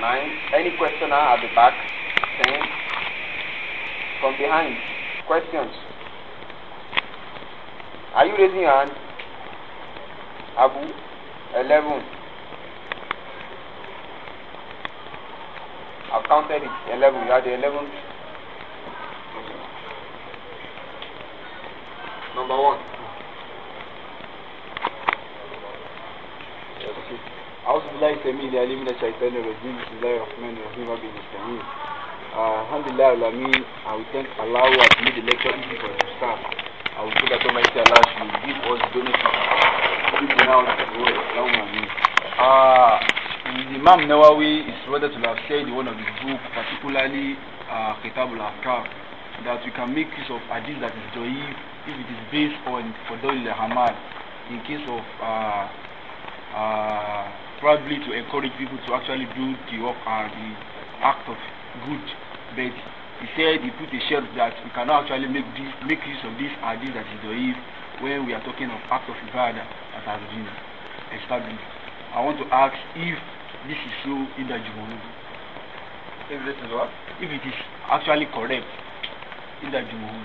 nine. Any questioner at the back? Ten. From behind. Questions. Are you raising your hand? Abu. Eleven. I've counted it. Eleven. You are the eleventh. Number one. أعوذ بالله السميع العليم من الشيطان الرجيم بسم الله الرحمن الرحيم رب المستعين الحمد لله العالمين I will thank Allah who has made the lecture easy for us to start. I will pray that Almighty Allah should give us donations to now pronounce the word Allahumma Ameen uh, Imam Nawawi is rather to have shared one of his book particularly uh, Kitab al-Afkar that we can make use of hadith that is doif if it is based on Fadol al-Hamad in case of uh, uh, probably to encourage people to actually do the work and the act of good but he said he put a shelf that we cannot actually make this make use of this and this that is the if when we are talking of act of ibadah that has been established i want to ask if this is so in the jumonu if this is what if it is actually correct in the jumonu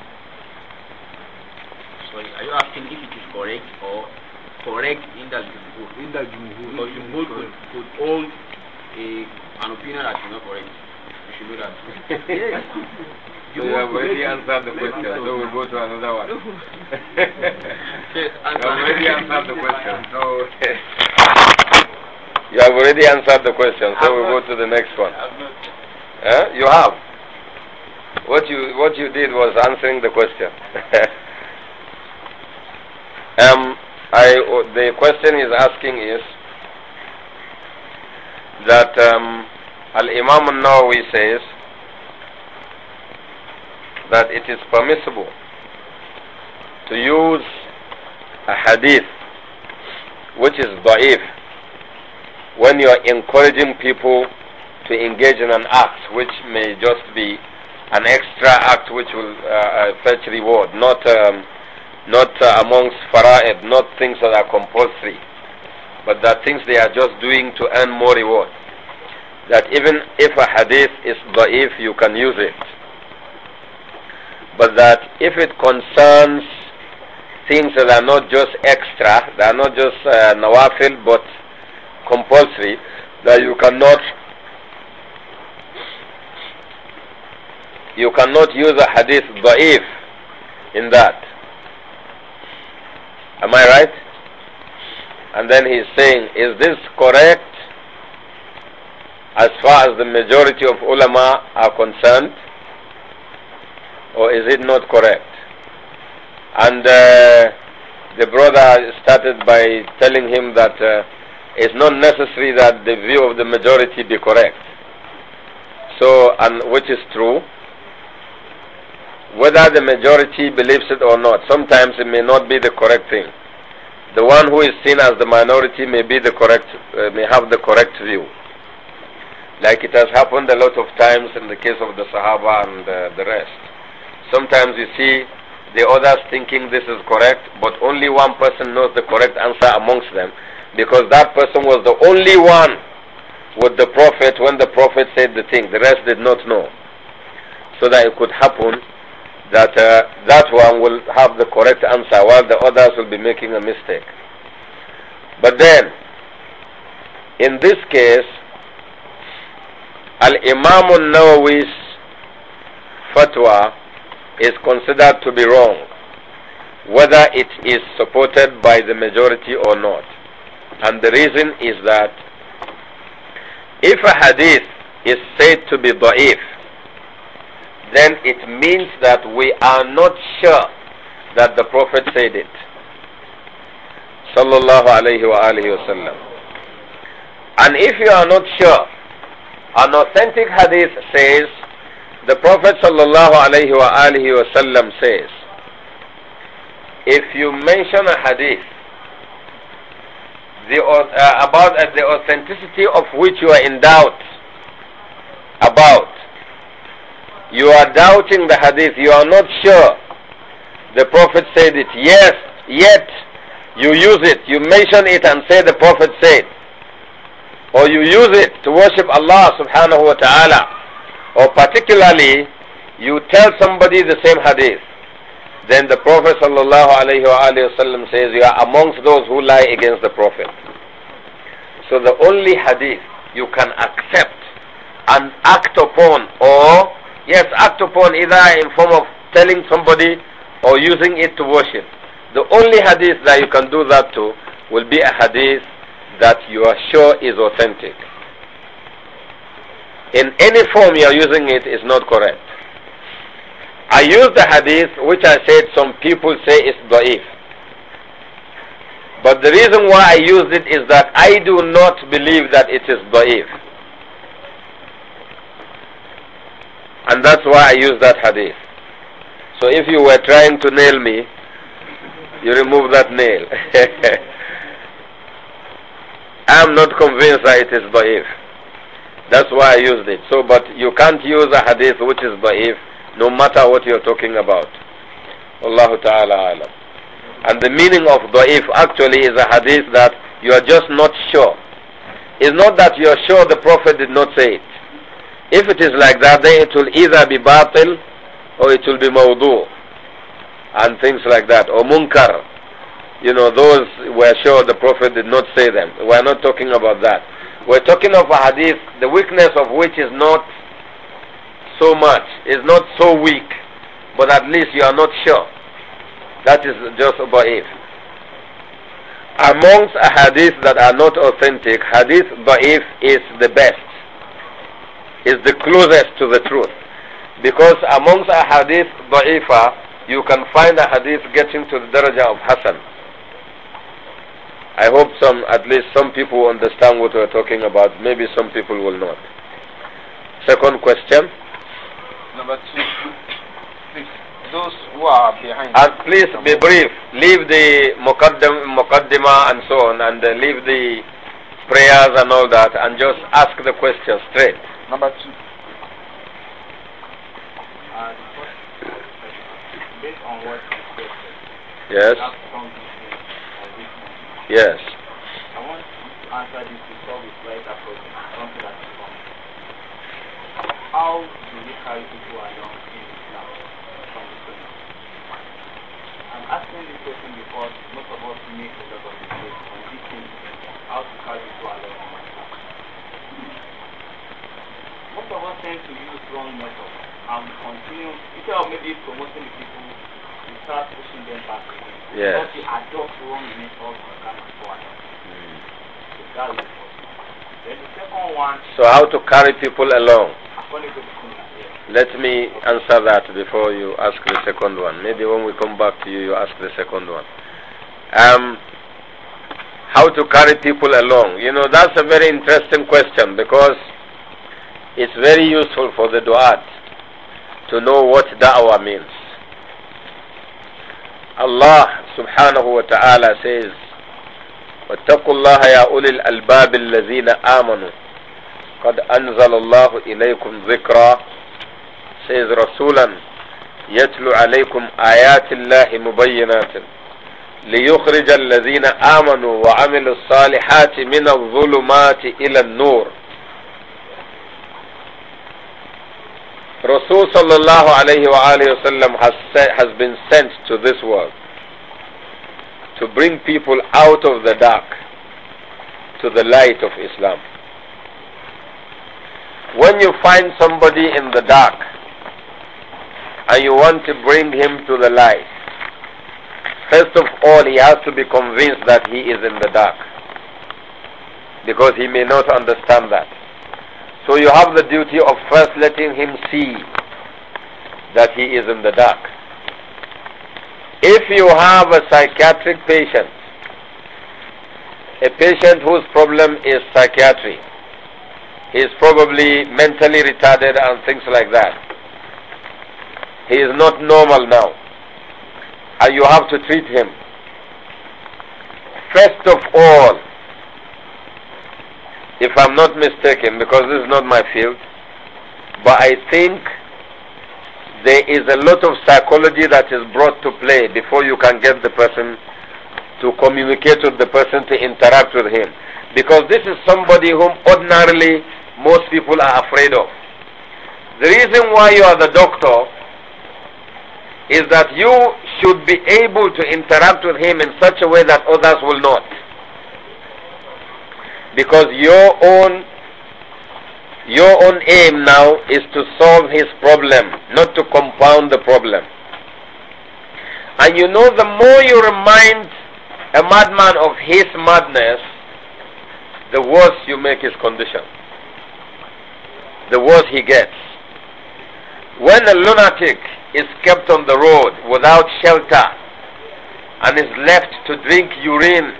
sorry are you asking if it is correct or correct in that jumhur. In that jumhur. Because jumhur could, could hold a, an opinion that is not correct. You should know that. yes. You so have already answered the question, so we'll go to another one. yes, you have already answered the question, so... you have already answered the question, so we'll go to the next one. Huh? You have? What you, what you did was answering the question. um, I, the question is asking is that um, Al-Imam al-Nawawi says that it is permissible to use a hadith which is da'if when you are encouraging people to engage in an act which may just be an extra act which will uh, uh fetch reward, not um, not uh, amongst fara'ib, not things that are compulsory, but that things they are just doing to earn more reward. That even if a hadith is da'if, you can use it. But that if it concerns things that are not just extra, they are not just uh, nawafil, but compulsory, that you cannot you cannot use a hadith da'if in that Am I right? And then he's saying, is this correct as far as the majority of ulama are concerned? Or is it not correct? And uh, the brother started by telling him that uh, it's not necessary that the view of the majority be correct. So, and which is true whether the majority believes it or not. Sometimes it may not be the correct thing. The one who is seen as the minority may be the correct, uh, may have the correct view. Like it has happened a lot of times in the case of the Sahaba and uh, the rest. Sometimes you see the others thinking this is correct, but only one person knows the correct answer amongst them because that person was the only one with the Prophet when the Prophet said the thing. The rest did not know. So that it could happen that uh, that one will have the correct answer while the others will be making a mistake. But then, in this case, Al-Imam al-Nawawi's fatwa is considered to be wrong, whether it is supported by the majority or not. And the reason is that if a hadith is said to be da'if, then it means that we are not sure that the Prophet said it. Sallallahu alayhi wa alayhi wa And if you are not sure, an authentic hadith says, the Prophet sallallahu alayhi wa alayhi wa says, if you mention a hadith the, uh, about uh, the authenticity of which you are in doubt about, you are doubting the hadith, you are not sure. The Prophet said it, yes, yet you use it, you mention it and say the Prophet said. Or you use it to worship Allah subhanahu wa ta'ala. Or particularly, you tell somebody the same hadith. Then the Prophet sallallahu alayhi wa says, you are amongst those who lie against the Prophet. So the only hadith you can accept and act upon or Yes, act upon either in form of telling somebody or using it to worship. The only hadith that you can do that to will be a hadith that you are sure is authentic. In any form you are using it is not correct. I use the hadith which I said some people say is da'if. But the reason why I used it is that I do not believe that it is da'if. And that's why I use that hadith. So if you were trying to nail me, you remove that nail. I'm not convinced that it is ba'if. That's why I used it. So, but you can't use a hadith which is ba'if, no matter what you're talking about. Allahu ta'ala alam. And the meaning of ba'if actually is a hadith that you are just not sure. It's not that you're sure the Prophet did not say it. If it is like that, then it will either be batil or it will be mawdu and things like that, or munkar. You know, those we're sure the Prophet did not say them. We're not talking about that. We're talking of a hadith, the weakness of which is not so much, is not so weak, but at least you are not sure. That is just about it. Amongst hadiths that are not authentic, hadith da'if is the best is the closest to the truth. Because amongst a hadith da'ifa, you can find a hadith getting to the daraja of Hassan. I hope some, at least some people understand what we're talking about. Maybe some people will not. Second question. Number two, please. Those who are behind. And please be brief. Leave the muqaddima and so on, and uh, leave the prayers and all that, and just ask the question straight. Number two. Based on what you said, yes. Yes. I want to answer this before we slide across that is How do we carry people along in Islam from the Sunnah? I'm asking this question because most of us make a lot of mistakes on this thing, how to carry people along most of us tend to use wrong method and continue instead of maybe promoting the people we start pushing them back again yes. because we adopt wrong methods on that before mm. so that is the first one then the second one so how to carry people along let me answer that before you ask the second one. Maybe when we come back to you, you ask the second one. Um, how to carry people along? You know, that's a very interesting question because It's very useful for the du'at to know what da'wah means. Allah subhanahu wa ta'ala says, واتقوا الله يا أولي الألباب الذين آمنوا قد أنزل الله إليكم ذكرا says رسولا يتلو عليكم آيات الله مبينات ليخرج الذين آمنوا وعملوا الصالحات من الظلمات إلى النور Rasul sallallahu alayhi wa has, has been sent to this world to bring people out of the dark to the light of Islam. When you find somebody in the dark and you want to bring him to the light, first of all he has to be convinced that he is in the dark because he may not understand that. So you have the duty of first letting him see that he is in the dark. If you have a psychiatric patient, a patient whose problem is psychiatry, he is probably mentally retarded and things like that. He is not normal now. And you have to treat him. First of all, if I'm not mistaken, because this is not my field, but I think there is a lot of psychology that is brought to play before you can get the person to communicate with the person, to interact with him. Because this is somebody whom ordinarily most people are afraid of. The reason why you are the doctor is that you should be able to interact with him in such a way that others will not. Because your own your own aim now is to solve his problem, not to compound the problem. And you know, the more you remind a madman of his madness, the worse you make his condition. The worse he gets. When a lunatic is kept on the road without shelter and is left to drink urine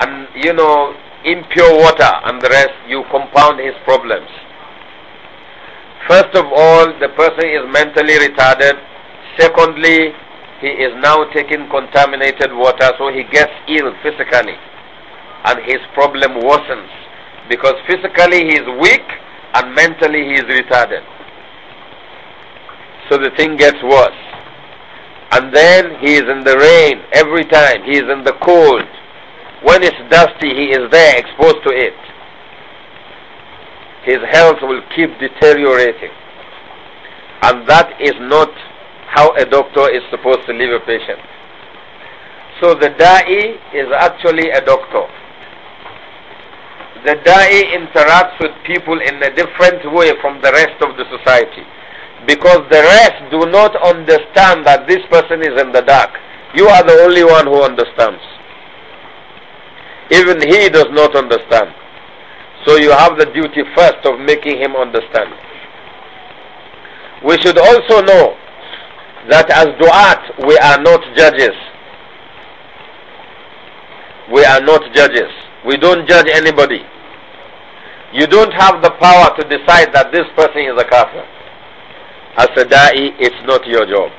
and, you know, impure water and the rest, you compound his problems. First of all, the person is mentally retarded. Secondly, he is now taking contaminated water, so he gets ill physically. And his problem worsens because physically he is weak and mentally he is retarded. So the thing gets worse. And then he is in the rain every time, he is in the cold when it's dusty, he is there exposed to it. His health will keep deteriorating. And that is not how a doctor is supposed to leave a patient. So the da'i is actually a doctor. The da'i interacts with people in a different way from the rest of the society. Because the rest do not understand that this person is in the dark. You are the only one who understands. Even he does not understand. So you have the duty first of making him understand. We should also know that as du'at, we are not judges. We are not judges. We don't judge anybody. You don't have the power to decide that this person is a kafir. As a da'i, it's not your job.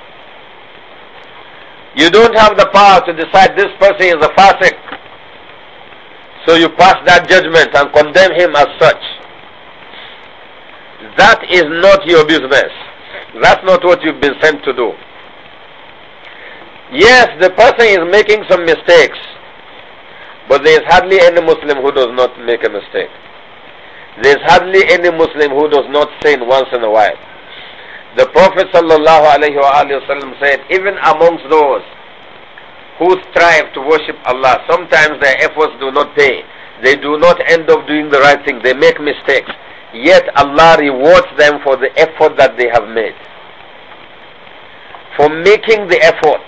You don't have the power to decide this person is a fasik. So you pass that judgment and condemn him as such. That is not your business. That's not what you've been sent to do. Yes, the person is making some mistakes, but there is hardly any Muslim who does not make a mistake. There is hardly any Muslim who does not sin once in a while. The Prophet ﷺ said, even amongst those who strive to worship Allah, sometimes their efforts do not pay. They do not end up doing the right thing. They make mistakes. Yet Allah rewards them for the effort that they have made. For making the effort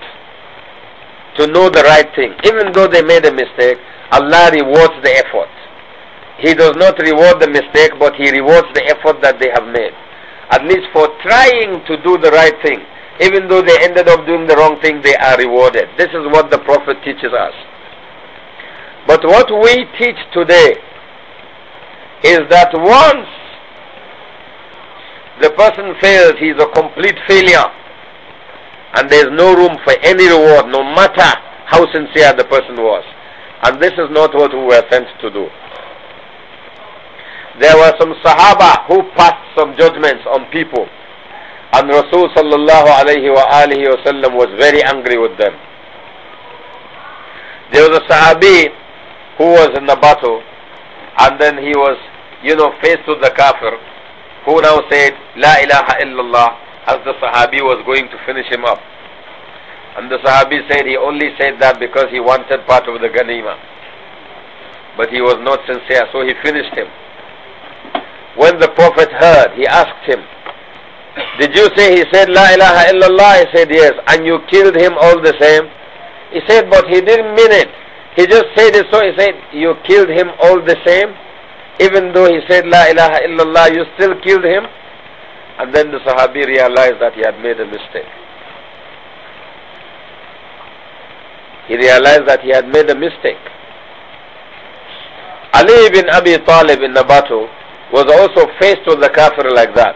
to know the right thing. Even though they made a mistake, Allah rewards the effort. He does not reward the mistake, but He rewards the effort that they have made. At least for trying to do the right thing. Even though they ended up doing the wrong thing, they are rewarded. This is what the Prophet teaches us. But what we teach today is that once the person fails, he is a complete failure. And there is no room for any reward, no matter how sincere the person was. And this is not what we were sent to do. There were some Sahaba who passed some judgments on people and Rasul sallallahu alayhi wa alihi was very angry with them. There was a Sahabi who was in the battle and then he was, you know, faced with the kafir who now said, La ilaha illallah as the Sahabi was going to finish him up. And the Sahabi said he only said that because he wanted part of the ghanima. But he was not sincere, so he finished him. When the Prophet heard, he asked him, did you say he said, La ilaha illallah? He said, Yes. And you killed him all the same? He said, But he didn't mean it. He just said it so. He said, You killed him all the same? Even though he said, La ilaha illallah, you still killed him? And then the Sahabi realized that he had made a mistake. He realized that he had made a mistake. Ali ibn Abi Talib in the battle was also faced with the kafir like that.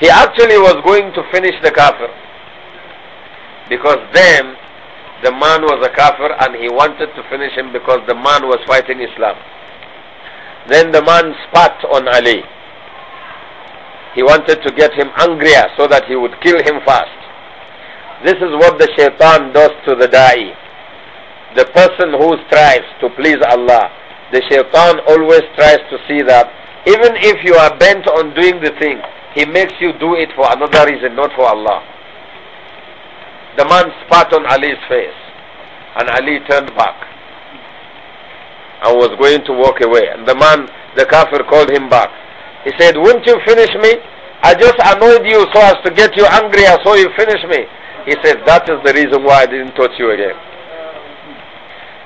He actually was going to finish the kafir. Because then, the man was a kafir and he wanted to finish him because the man was fighting Islam. Then the man spat on Ali. He wanted to get him angrier so that he would kill him fast. This is what the shaitan does to the da'i. The person who strives to please Allah, the shaitan always tries to see that even if you are bent on doing the thing, he makes you do it for another reason, not for Allah. The man spat on Ali's face and Ali turned back and was going to walk away. And the man, the kafir, called him back. He said, won't you finish me? I just annoyed you so as to get you angry. I saw you finish me. He said, that is the reason why I didn't touch you again.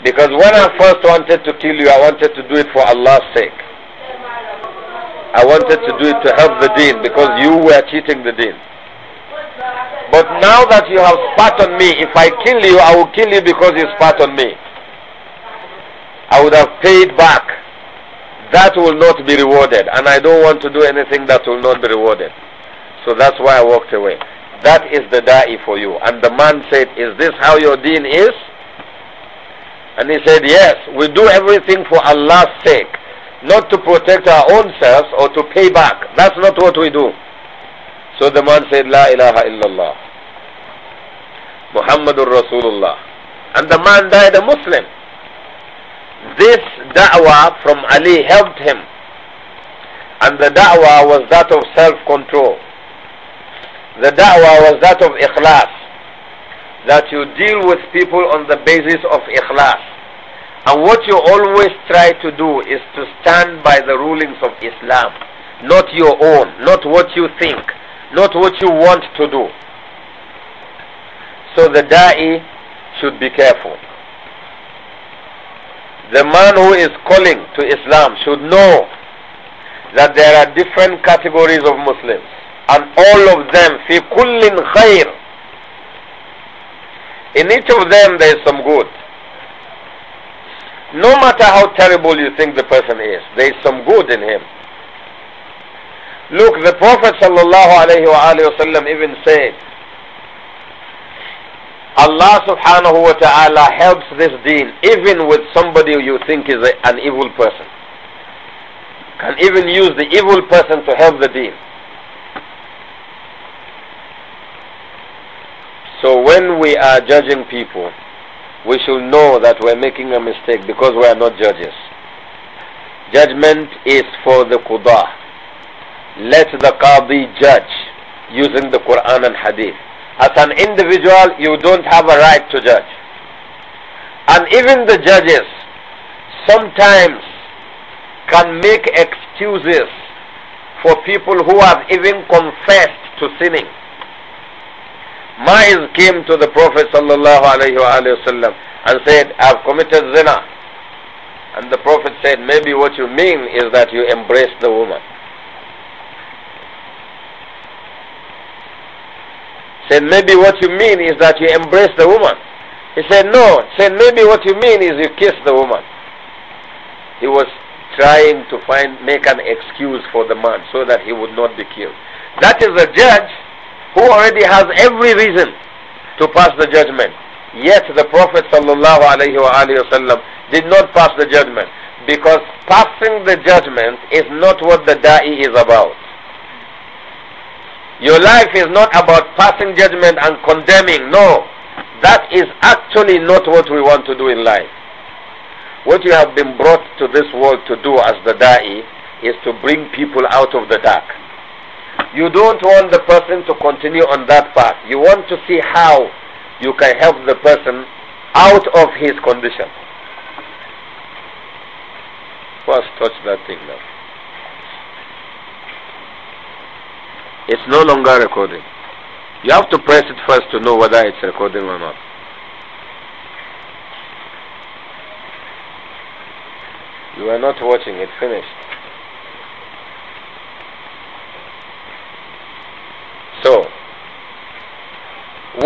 Because when I first wanted to kill you, I wanted to do it for Allah's sake. I wanted to do it to help the deen because you were cheating the deen. But now that you have spat on me, if I kill you, I will kill you because you spat on me. I would have paid back. That will not be rewarded. And I don't want to do anything that will not be rewarded. So that's why I walked away. That is the da'i for you. And the man said, is this how your deen is? And he said, yes, we do everything for Allah's sake not to protect our own selves or to pay back. That's not what we do. So the man said, La ilaha illallah. Muhammadur Rasulullah. And the man died a Muslim. This da'wah from Ali helped him. And the da'wah was that of self-control. The da'wah was that of ikhlas. That you deal with people on the basis of ikhlas. And what you always try to do is to stand by the rulings of Islam, not your own, not what you think, not what you want to do. So the da'i should be careful. The man who is calling to Islam should know that there are different categories of Muslims and all of them fi kullin khair. In each of them there is some good. No matter how terrible you think the person is, there is some good in him. Look, the Prophet ﷺ even said, Allah subhanahu wa ta'ala helps this deen even with somebody you think is a, an evil person. Can even use the evil person to help the deen. So when we are judging people, we should know that we're making a mistake because we are not judges. Judgment is for the Qudah. Let the Qadi judge using the Quran and Hadith. As an individual, you don't have a right to judge. And even the judges sometimes can make excuses for people who have even confessed to sinning. Ma'iz came to the Prophet sallallahu and said, I've committed zina. And the Prophet said, maybe what you mean is that you embraced the woman. Said, maybe what you mean is that you embraced the woman. He said, no. Said, maybe what you mean is you kissed the woman. He was trying to find, make an excuse for the man so that he would not be killed. That is a judge who already has every reason to pass the judgment. Yet the Prophet ﷺ did not pass the judgment because passing the judgment is not what the da'i is about. Your life is not about passing judgment and condemning. No, that is actually not what we want to do in life. What you have been brought to this world to do as the da'i is to bring people out of the dark you don't want the person to continue on that path. You want to see how you can help the person out of his condition. First, touch that thing now. It's no longer recording. You have to press it first to know whether it's recording or not. You are not watching it. Finished. So,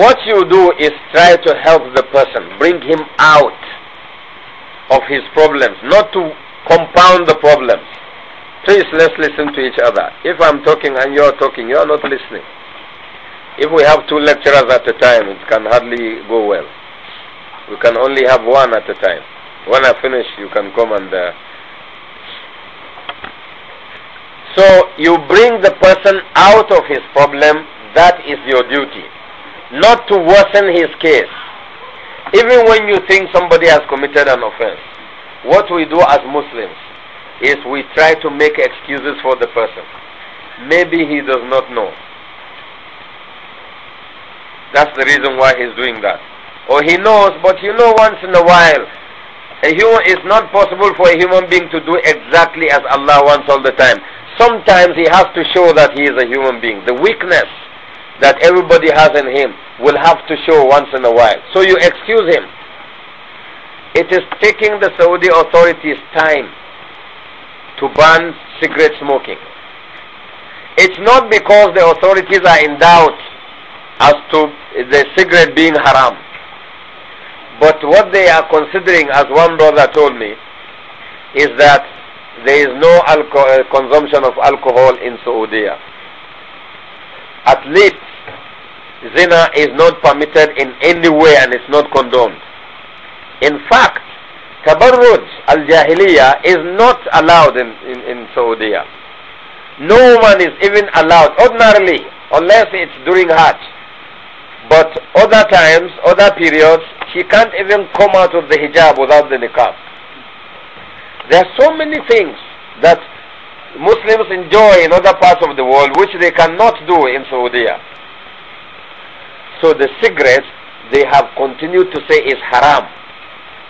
what you do is try to help the person, bring him out of his problems, not to compound the problems. Please, let's listen to each other. If I'm talking and you're talking, you're not listening. If we have two lecturers at a time, it can hardly go well. We can only have one at a time. When I finish, you can come and uh, So you bring the person out of his problem, that is your duty. Not to worsen his case. Even when you think somebody has committed an offense, what we do as Muslims is we try to make excuses for the person. Maybe he does not know. That's the reason why he's doing that. Or he knows, but you know once in a while, a human, it's not possible for a human being to do exactly as Allah wants all the time sometimes he has to show that he is a human being. The weakness that everybody has in him will have to show once in a while. So you excuse him. It is taking the Saudi authorities time to ban cigarette smoking. It's not because the authorities are in doubt as to the cigarette being haram. But what they are considering, as one brother told me, is that there is no uh, consumption of alcohol in Saudi. At least, zina is not permitted in any way and it's not condoned. In fact, tabarruj al jahiliyah is not allowed in, in, in Saudi. No one is even allowed, ordinarily, unless it's during Hajj. But other times, other periods, she can't even come out of the hijab without the niqab. There are so many things that Muslims enjoy in other parts of the world which they cannot do in Saudi. So the cigarettes they have continued to say is haram.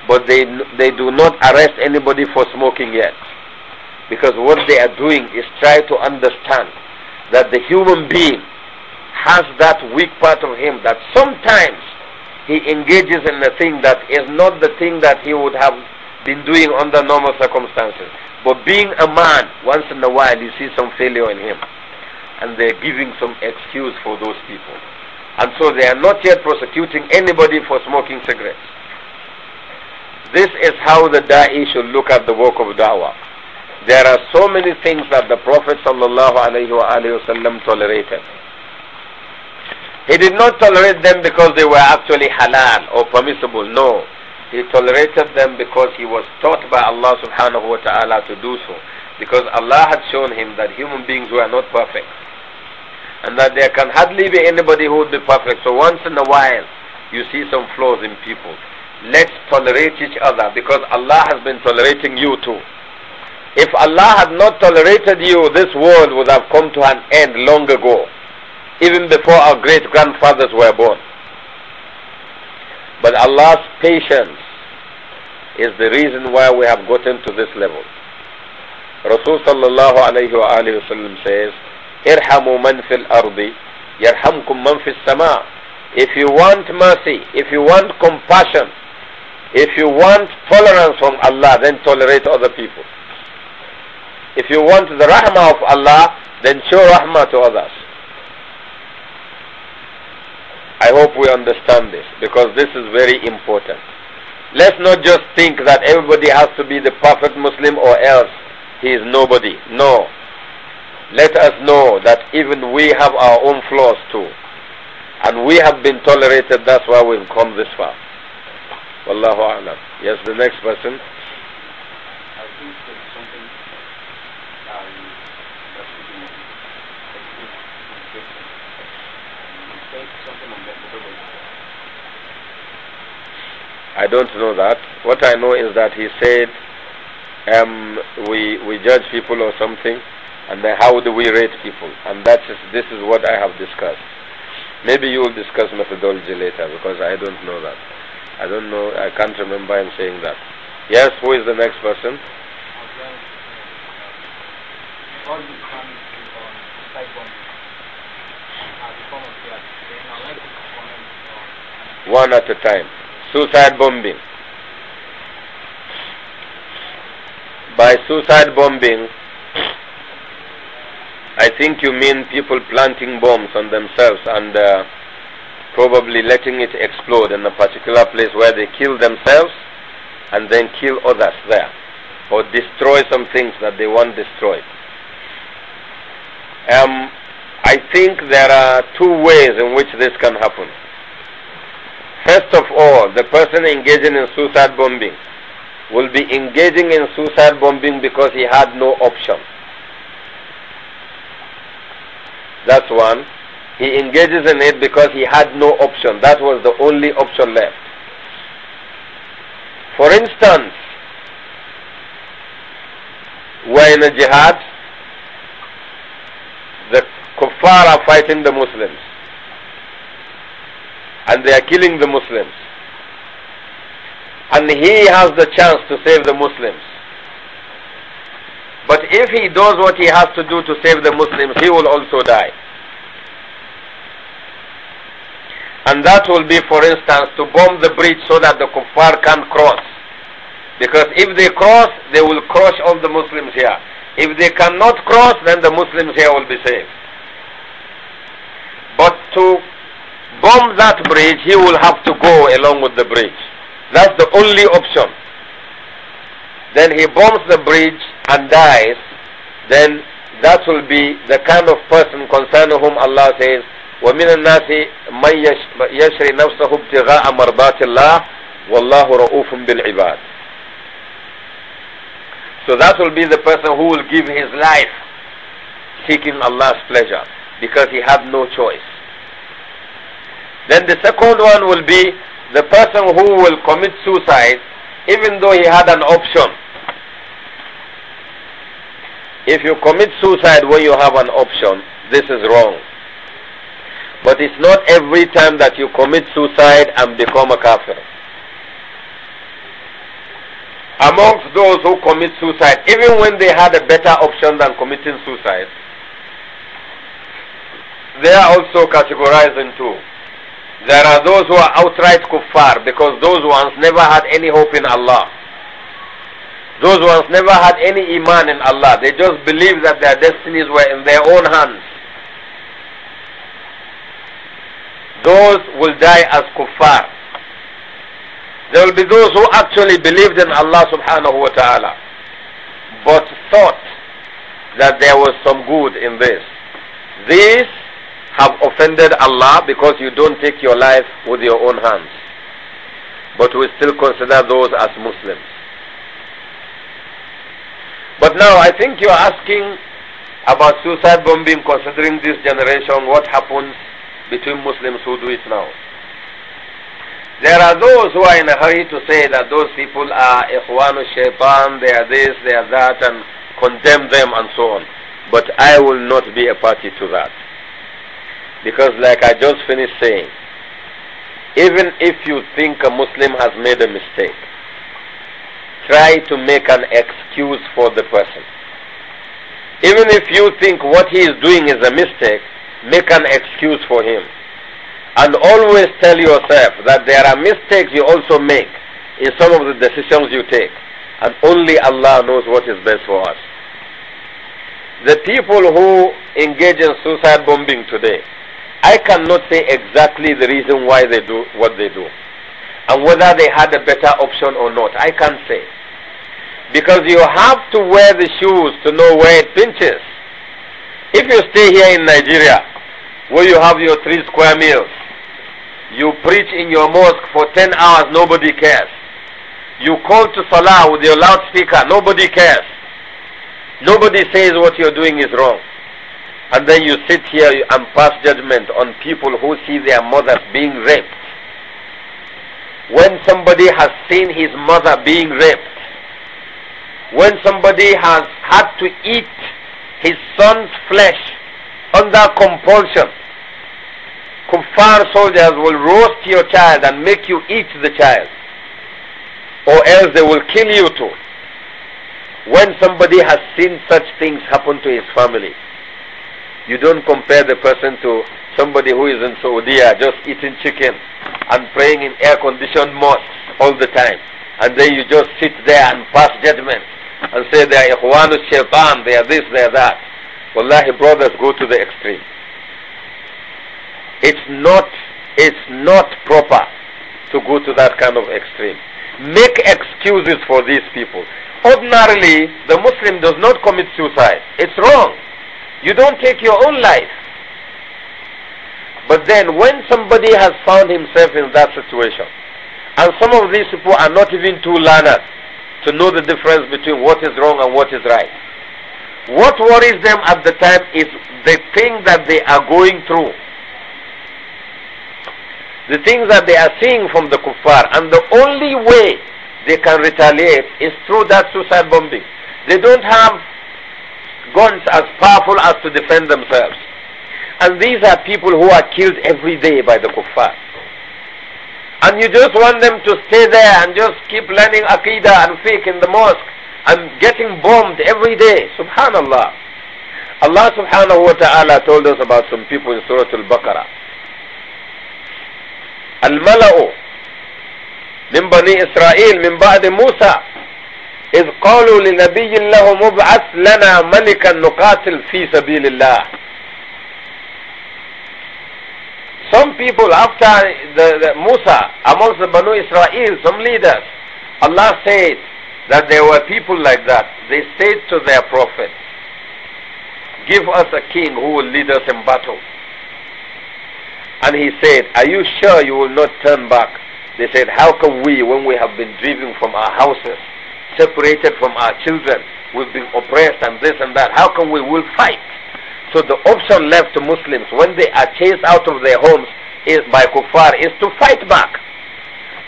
But they, they do not arrest anybody for smoking yet. Because what they are doing is try to understand that the human being has that weak part of him that sometimes he engages in a thing that is not the thing that he would have been doing under normal circumstances. But being a man, once in a while you see some failure in him. And they're giving some excuse for those people. And so they are not yet prosecuting anybody for smoking cigarettes. This is how the Da'i should look at the work of Dawah. There are so many things that the Prophet ﷺ tolerated. He did not tolerate them because they were actually halal or permissible. No. He tolerated them because he was taught by Allah subhanahu wa ta'ala to do so. Because Allah had shown him that human beings were not perfect. And that there can hardly be anybody who would be perfect. So once in a while, you see some flaws in people. Let's tolerate each other because Allah has been tolerating you too. If Allah had not tolerated you, this world would have come to an end long ago, even before our great grandfathers were born. But Allah's patience is the reason why we have gotten to this level. Rasul sallallahu alayhi wa alayhi wa sallam says, Irhamu man fil ardi, yarhamkum man fil sama. If you want mercy, if you want compassion, if you want tolerance from Allah, then tolerate other people. If you want the rahmah of Allah, then show rahmah to others. I hope we understand this because this is very important. Let's not just think that everybody has to be the perfect Muslim or else he is nobody. No. Let us know that even we have our own flaws too. And we have been tolerated, that's why we've come this far. Wallahu a'lam. Yes, the next person. I don't know that. What I know is that he said um, we, we judge people or something and then how do we rate people? And that is, this is what I have discussed. Maybe you will discuss methodology later because I don't know that. I don't know, I can't remember him saying that. Yes, who is the next person? One at a time suicide bombing. By suicide bombing, I think you mean people planting bombs on themselves and uh, probably letting it explode in a particular place where they kill themselves and then kill others there or destroy some things that they want destroyed. Um, I think there are two ways in which this can happen. First of all, the person engaging in suicide bombing will be engaging in suicide bombing because he had no option. That's one. He engages in it because he had no option. That was the only option left. For instance, we're in a jihad, the kuffar are fighting the Muslims and they are killing the Muslims. And he has the chance to save the Muslims. But if he does what he has to do to save the Muslims, he will also die. And that will be, for instance, to bomb the bridge so that the kuffar can't cross. Because if they cross, they will crush all the Muslims here. If they cannot cross, then the Muslims here will be saved. But to from that bridge, he will have to go along with the bridge. That's the only option. Then he bombs the bridge and dies. Then that will be the kind of person concerning whom Allah says, ومن الناس من yashri نفسه ابتغاء مرضات الله والله رؤوف بالعباد So that will be the person who will give his life seeking Allah's pleasure because he had no choice. Then the second one will be the person who will commit suicide even though he had an option. If you commit suicide when you have an option, this is wrong. But it's not every time that you commit suicide and become a kafir. Amongst those who commit suicide, even when they had a better option than committing suicide, they are also categorized in two. There are those who are outright kuffar because those ones never had any hope in Allah. Those ones never had any iman in Allah. They just believed that their destinies were in their own hands. Those will die as kuffar. There will be those who actually believed in Allah subhanahu wa ta'ala but thought that there was some good in this. These have offended Allah because you don't take your life with your own hands. But we still consider those as Muslims. But now I think you are asking about suicide bombing considering this generation, what happens between Muslims who do it now. There are those who are in a hurry to say that those people are Ikhwanu Shaitan, they are this, they are that, and condemn them and so on. But I will not be a party to that. Because like I just finished saying, even if you think a Muslim has made a mistake, try to make an excuse for the person. Even if you think what he is doing is a mistake, make an excuse for him. And always tell yourself that there are mistakes you also make in some of the decisions you take. And only Allah knows what is best for us. The people who engage in suicide bombing today, I cannot say exactly the reason why they do what they do and whether they had a better option or not. I can't say. Because you have to wear the shoes to know where it pinches. If you stay here in Nigeria, where you have your three square meals, you preach in your mosque for 10 hours, nobody cares. You call to Salah with your loudspeaker, nobody cares. Nobody says what you're doing is wrong. And then you sit here and pass judgment on people who see their mothers being raped. When somebody has seen his mother being raped, when somebody has had to eat his son's flesh under compulsion, kuffar soldiers will roast your child and make you eat the child, or else they will kill you too. When somebody has seen such things happen to his family, you don't compare the person to somebody who is in Saudi uh, just eating chicken and praying in air-conditioned mosque all the time. And then you just sit there and pass judgment and say they are Ikhwanu Shaitan, they are this, they are that. Wallahi, brothers go to the extreme. It's not, it's not proper to go to that kind of extreme. Make excuses for these people. Ordinarily, the Muslim does not commit suicide. It's wrong. You don't take your own life. But then when somebody has found himself in that situation, and some of these people are not even too learned to know the difference between what is wrong and what is right. What worries them at the time is the thing that they are going through. The things that they are seeing from the kuffar. And the only way they can retaliate is through that suicide bombing. They don't have guns as powerful as to defend themselves. And these are people who are killed every day by the kuffar. And you just want them to stay there and just keep learning aqidah and fiqh in the mosque and getting bombed every day. Subhanallah. Allah subhanahu wa ta'ala told us about some people in Surah Al-Baqarah. Al-Mala'u min Bani Israel min ba'di Musa إذ قالوا لنبي الله مبعث لنا ملكا نقاتل في سبيل الله Some people after the, the Musa amongst the Banu Israel, some leaders, Allah said that there were people like that. They said to their prophet, give us a king who will lead us in battle. And he said, are you sure you will not turn back? They said, how can we when we have been driven from our houses separated from our children. We've been oppressed and this and that. How come we will fight? So the option left to Muslims when they are chased out of their homes is by kuffar is to fight back.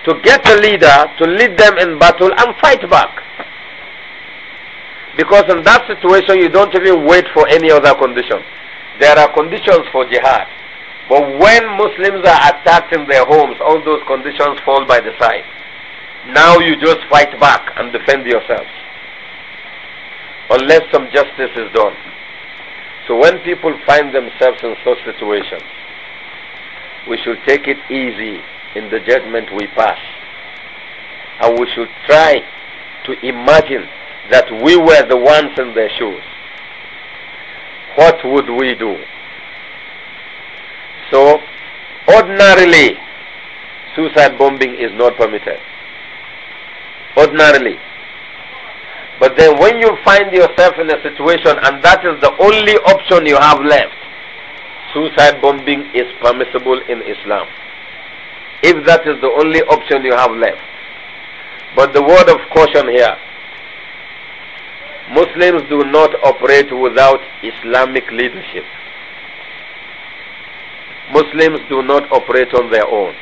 To get a leader to lead them in battle and fight back. Because in that situation you don't even wait for any other condition. There are conditions for jihad. But when Muslims are attacked in their homes, all those conditions fall by the side. Now you just fight back and defend yourself. Unless some justice is done. So when people find themselves in such situations, we should take it easy in the judgment we pass. And we should try to imagine that we were the ones in their shoes. What would we do? So, ordinarily, suicide bombing is not permitted ordinarily. But then when you find yourself in a situation and that is the only option you have left, suicide bombing is permissible in Islam. If that is the only option you have left. But the word of caution here, Muslims do not operate without Islamic leadership. Muslims do not operate on their own.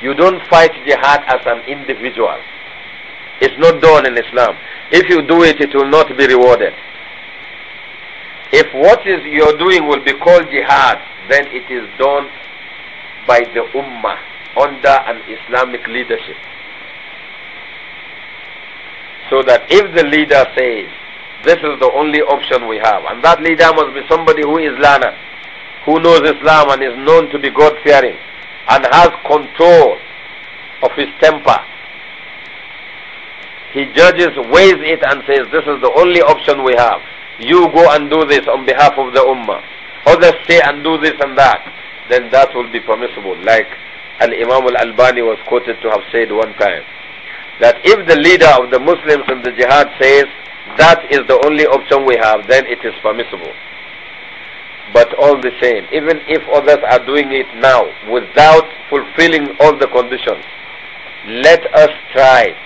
You don't fight jihad as an individual. It's not done in Islam. If you do it, it will not be rewarded. If what is you're doing will be called jihad, then it is done by the ummah under an Islamic leadership. So that if the leader says, this is the only option we have, and that leader must be somebody who is learned, who knows Islam and is known to be God-fearing, and has control of his temper, he judges, weighs it and says, this is the only option we have. You go and do this on behalf of the ummah. Others stay and do this and that. Then that will be permissible. Like Al-Imam Al-Albani was quoted to have said one time. That if the leader of the Muslims in the jihad says, that is the only option we have, then it is permissible. But all the same, even if others are doing it now without fulfilling all the conditions, let us try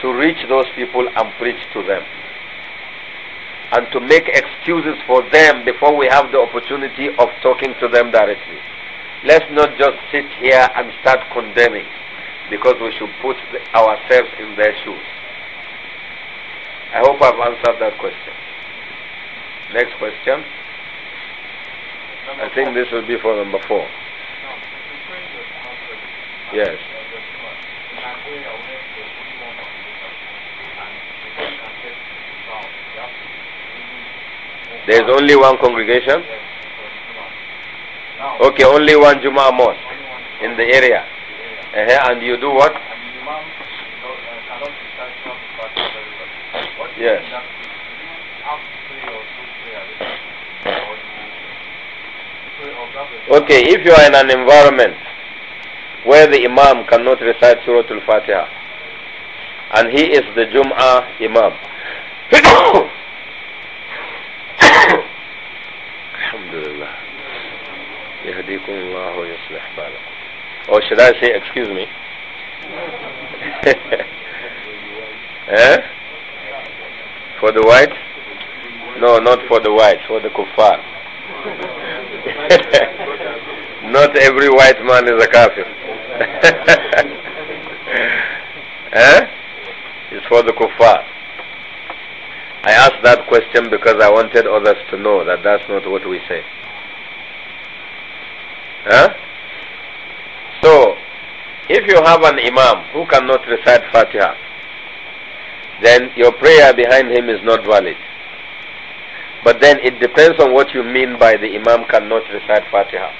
to reach those people and preach to them. And to make excuses for them before we have the opportunity of talking to them directly. Let's not just sit here and start condemning because we should put ourselves in their shoes. I hope I've answered that question. Next question. Number I think four. this will be for number four. No, yes. There's only one congregation? Okay, only one Juma mosque in the area. Uh -huh, and you do what? Yes. Okay, if you are in an environment where the Imam cannot recite Surah Al-Fatiha and he is the Jum'ah Imam الحمد لله يهديكم الله ويصلح بالكم or should I say excuse me eh? for the white no not for the white for the kuffar not every white man is a kafir eh? it's for the kuffar I asked that question because I wanted others to know that that's not what we say. Huh? So, if you have an imam who cannot recite Fatiha, then your prayer behind him is not valid. But then it depends on what you mean by the imam cannot recite Fatiha.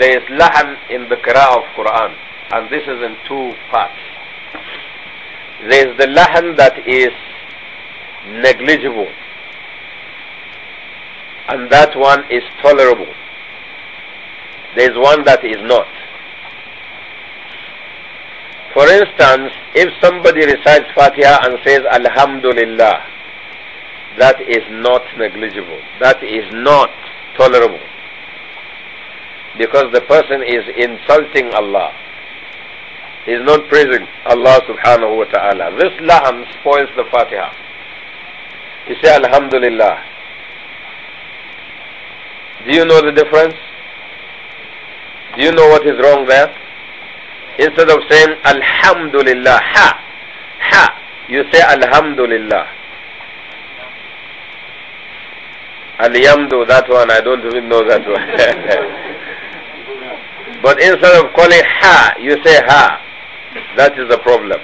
There is lahan in the of Quran, and this is in two parts. There is the lahan that is negligible and that one is tolerable there is one that is not for instance if somebody recites Fatiha and says Alhamdulillah that is not negligible that is not tolerable because the person is insulting Allah is not praising Allah subhanahu wa ta'ala. This laham spoils the Fatiha. He said, Alhamdulillah. Do you know the difference? Do you know what is wrong there? Instead of saying Alhamdulillah, ha, ha, you say Alhamdulillah. Alhamdu, that one, I don't even know that one. but instead of calling ha, you say ha. That is the problem.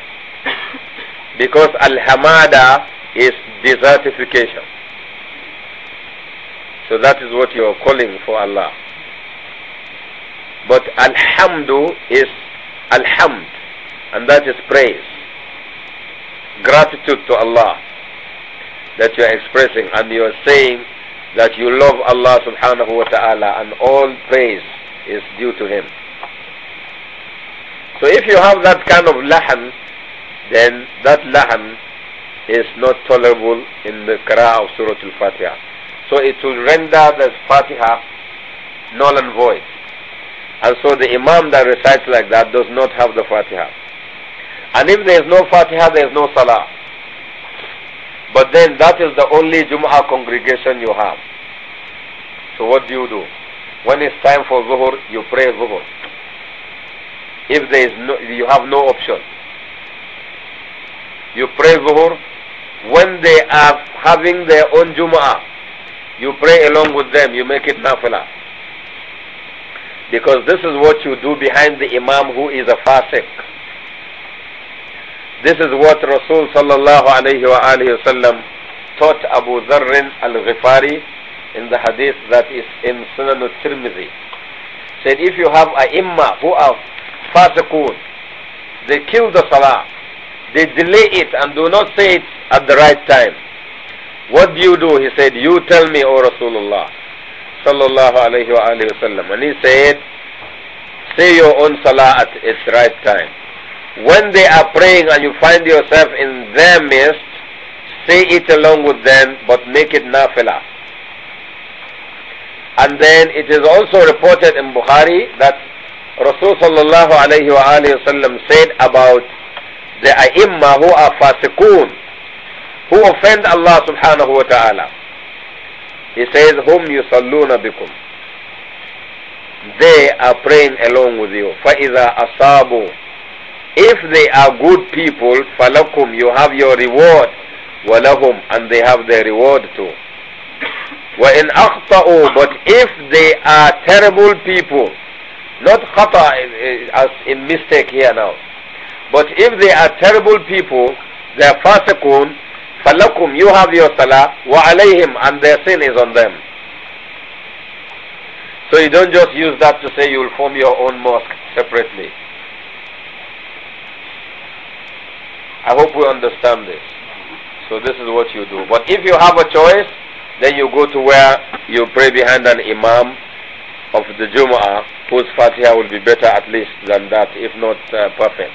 Because Alhamada is desertification. So that is what you are calling for Allah. But Alhamdu is Alhamd, and that is praise. Gratitude to Allah that you are expressing, and you are saying that you love Allah subhanahu wa ta'ala, and all praise is due to Him. So if you have that kind of lahan, then that lahan is not tolerable in the Qur'an of Surah Al-Fatiha. So it will render the Fatiha null and void. And so the Imam that recites like that does not have the Fatiha. And if there is no Fatiha, there is no Salah. But then that is the only Jum'ah congregation you have. So what do you do? When it's time for Zuhur, you pray Zuhur. If there is no, you have no option. You pray Zuhur, when they are having their own Jum'ah, you pray along with them, you make it nafilah. Because this is what you do behind the Imam who is a fasiq. This is what Rasul sallallahu alayhi wa alayhi wasallam taught Abu Dharrin al-Ghifari in the hadith that is in Sunan al-Tirmidhi. Said if you have ai am who are fasiqun, they kill the salah they delay it and do not say it at the right time. What do you do? He said, you tell me, O Rasulullah. Sallallahu alayhi wa alayhi wa sallam. And he said, say your own salah at its right time. When they are praying and you find yourself in their midst, say it along with them, but make it nafilah. And then it is also reported in Bukhari that Rasulullah sallallahu alayhi wa sallam said about the aima who are fasiqun, who offend Allah subhanahu wa ta'ala. He says, Whom you saluna bikum. They are praying along with you. فَإِذَا أَصَابُوا If they are good people, falakum, you have your reward. وَلَهُمْ And they have their reward too. in akhta'u, But if they are terrible people, not khata eh, eh, as in mistake here now. But if they are terrible people, they are fasiqun, falakum, you have your salah, wa alayhim, and their sin is on them. So you don't just use that to say you will form your own mosque separately. I hope we understand this. So this is what you do. But if you have a choice, then you go to where you pray behind an imam of the Jumu'ah, whose Fatiha will be better at least than that, if not uh, perfect.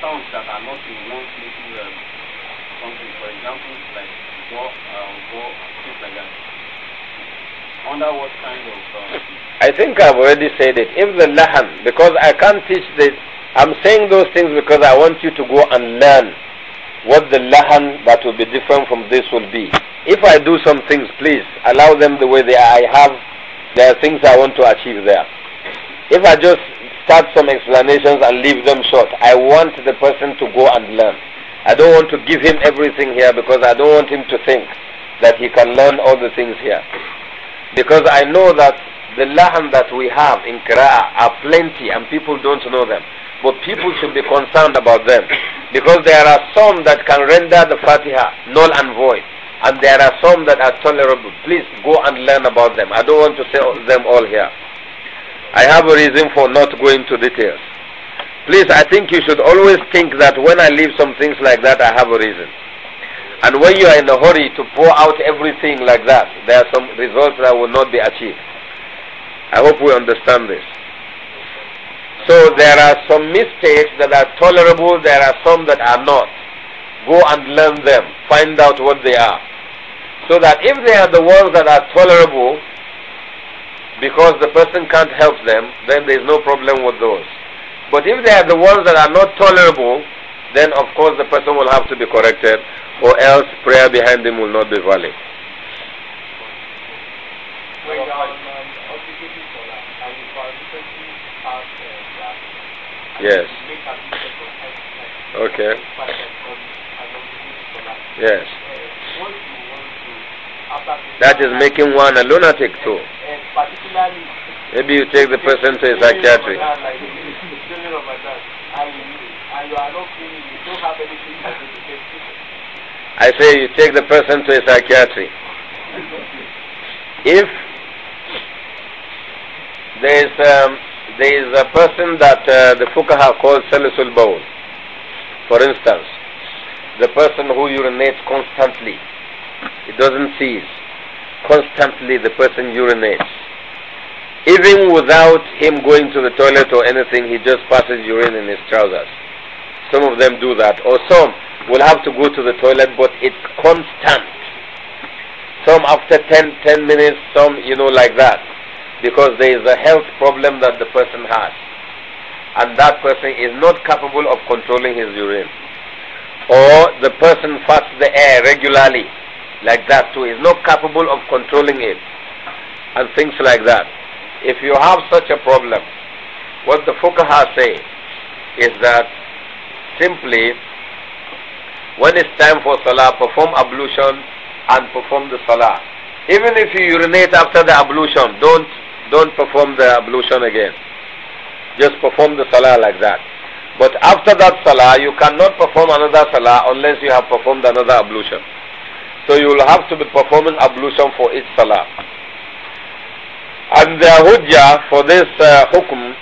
that are not in one um, For example, like uh, things like that. Under what kind of? Um, I think I've already said it. If the lahan, because I can't teach this. I'm saying those things because I want you to go and learn what the lahan that will be different from this will be. If I do some things, please allow them the way they are. I have, there are things I want to achieve there. If I just start some explanations and leave them short. I want the person to go and learn. I don't want to give him everything here because I don't want him to think that he can learn all the things here. Because I know that the lahan that we have in Qira'ah are plenty and people don't know them. But people should be concerned about them because there are some that can render the Fatiha null and void and there are some that are tolerable. Please go and learn about them. I don't want to say them all here. I have a reason for not going to details. Please, I think you should always think that when I leave some things like that, I have a reason. And when you are in a hurry to pour out everything like that, there are some results that will not be achieved. I hope we understand this. So there are some mistakes that are tolerable, there are some that are not. Go and learn them, find out what they are. So that if they are the ones that are tolerable, because the person can't help them, then there is no problem with those. But if they are the ones that are not tolerable, then of course the person will have to be corrected, or else prayer behind them will not be valid. Uh, yes. Okay. Um, yes. That is making one a lunatic too. Maybe you take the person to a psychiatrist. I say you take the person to a psychiatrist. If there is um, there is a person that uh, the Fukaha calls salisul bone, for instance, the person who urinates constantly it doesn't cease. Constantly the person urinates. Even without him going to the toilet or anything, he just passes urine in his trousers. Some of them do that. Or some will have to go to the toilet, but it's constant. Some after 10, 10 minutes, some, you know, like that. Because there is a health problem that the person has. And that person is not capable of controlling his urine. Or the person fasts the air regularly like that too, is not capable of controlling it, and things like that. If you have such a problem, what the fuqaha say is that simply when it's time for salah, perform ablution and perform the salah. Even if you urinate after the ablution, don't don't perform the ablution again. Just perform the salah like that. But after that salah, you cannot perform another salah unless you have performed another ablution. So you will have to be performing ablution for each salah. And the hujjah for this uh, hukm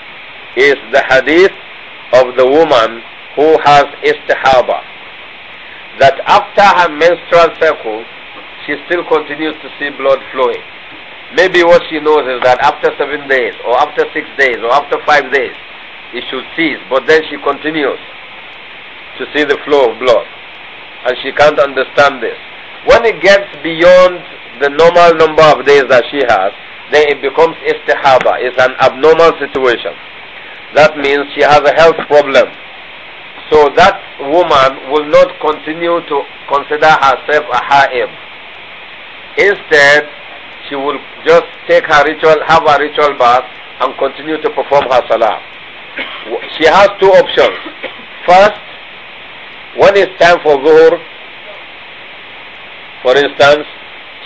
is the hadith of the woman who has istihaba. That after her menstrual cycle, she still continues to see blood flowing. Maybe what she knows is that after seven days, or after six days, or after five days, it should cease. But then she continues to see the flow of blood. And she can't understand this. When it gets beyond the normal number of days that she has, then it becomes istihaba. It's an abnormal situation. That means she has a health problem. So that woman will not continue to consider herself a ha'ib. Instead, she will just take her ritual, have a ritual bath, and continue to perform her salah. She has two options. First, when it's time for zuhur, for instance,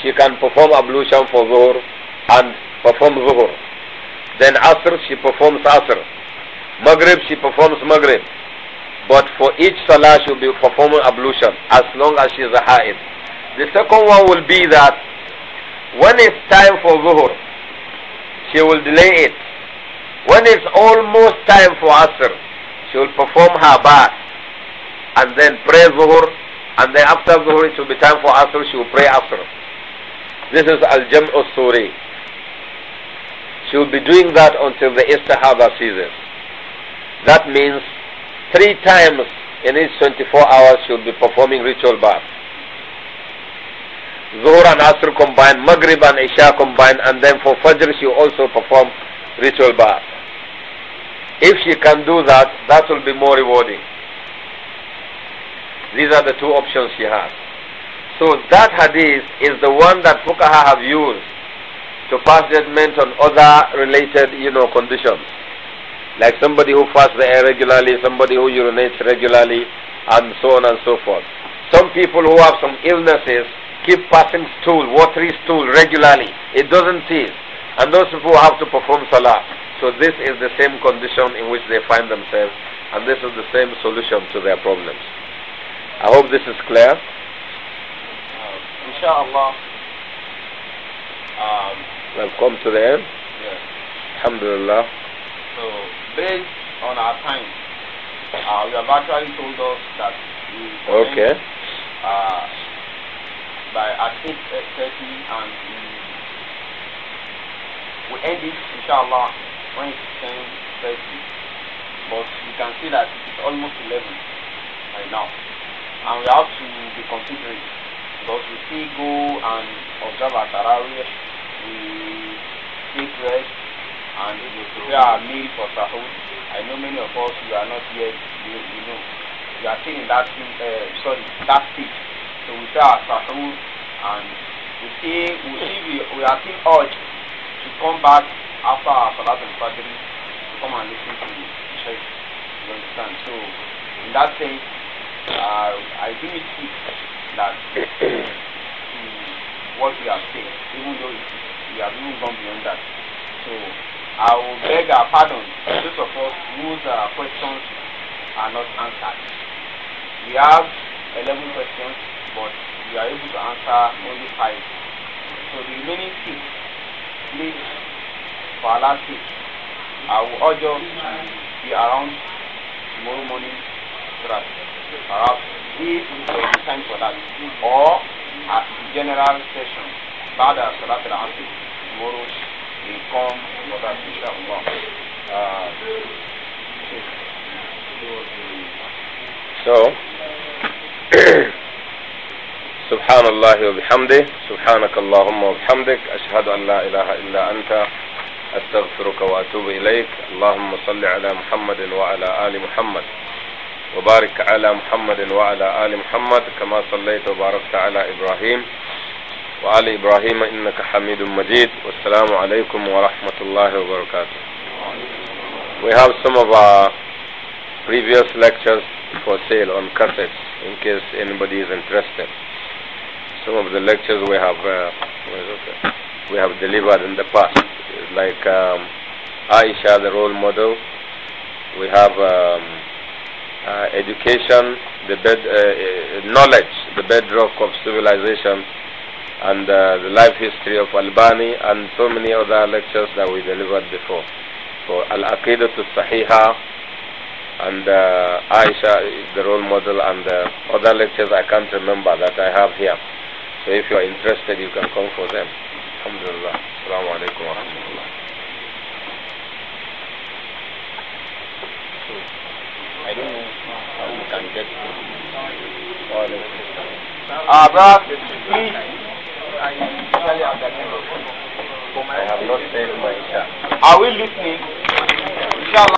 she can perform ablution for Zuhr and perform Zuhr. Then Asr, she performs Asr. Maghrib, she performs Maghrib. But for each Salah, she'll be performing ablution as long as she is a Ha'id. The second one will be that when it's time for Zuhr, she will delay it. When it's almost time for Asr, she will perform her bath and then pray Zuhr and then after Zuhur it will be time for Asr, she will pray Asr. This is Al-Jam' al-Suri. She will be doing that until the Istihada season. That means three times in each 24 hours she will be performing ritual bath. Zuhur and Asr combined, Maghrib and Isha combined, and then for Fajr she will also perform ritual bath. If she can do that, that will be more rewarding. These are the two options she has. So that hadith is the one that fuqaha have used to pass judgment on other related, you know, conditions. Like somebody who fasts the air regularly, somebody who urinates regularly, and so on and so forth. Some people who have some illnesses keep passing stool, watery stool regularly. It doesn't cease. And those people have to perform salah. So this is the same condition in which they find themselves, and this is the same solution to their problems. I hope this is clear. Uh, inshallah. Um, have come to the end. Yes. Alhamdulillah. So, based on our time, uh, you have actually told us that we okay. uh, by at 8.30 uh, and we, we end it, inshallah, when it's 10.30. But you can see that it's almost 11 right now. and we have to be considerate because we still go and observe our tarawih we take rest and we prepare our meal for sahur I know many of us we are not yet you, you know we are still in that uh, sorry that stage so we pray our sahur and we still we still be, we are still urged to come back after our salat and fajr to come and listen to the church you understand so in that sense uh, I do it that what we have said, even though we have even gone beyond that. So I will beg our pardon those of us whose uh, questions are not answered. We have 11 questions, but we are able to answer only five. So the remaining 6, please, for our last six, I will urge you to be around tomorrow morning natural. Perhaps we will take time for that. Or at the general session, بعد صلاة العصر tomorrow will come for that inshallah. Uh, so سبحان الله وبحمده سبحانك اللهم وبحمدك أشهد أن لا إله إلا أنت أستغفرك وأتوب إليك اللهم صل على محمد وعلى آل محمد وبارك على محمد وعلى آل محمد كما صليت وباركت على إبراهيم وعلى إبراهيم إنك حميد مجيد والسلام عليكم ورحمة الله وبركاته We have some of our previous lectures for sale on cassettes in case anybody is interested. Some of the lectures we have uh, we have delivered in the past, like um, Aisha, the role model. We have um, uh, education, the bed, uh, uh, knowledge, the bedrock of civilization, and uh, the life history of Albani, and so many other lectures that we delivered before. So Al-Aqidah Sahiha and uh, Aisha, the role model, and other lectures I can't remember that I have here. So if you are interested, you can come for them. Alhamdulillah. Assalamu alaikum I don't know how you can get all of this. Uh, brother, please. I have not said my share. Are we listening? Inshallah.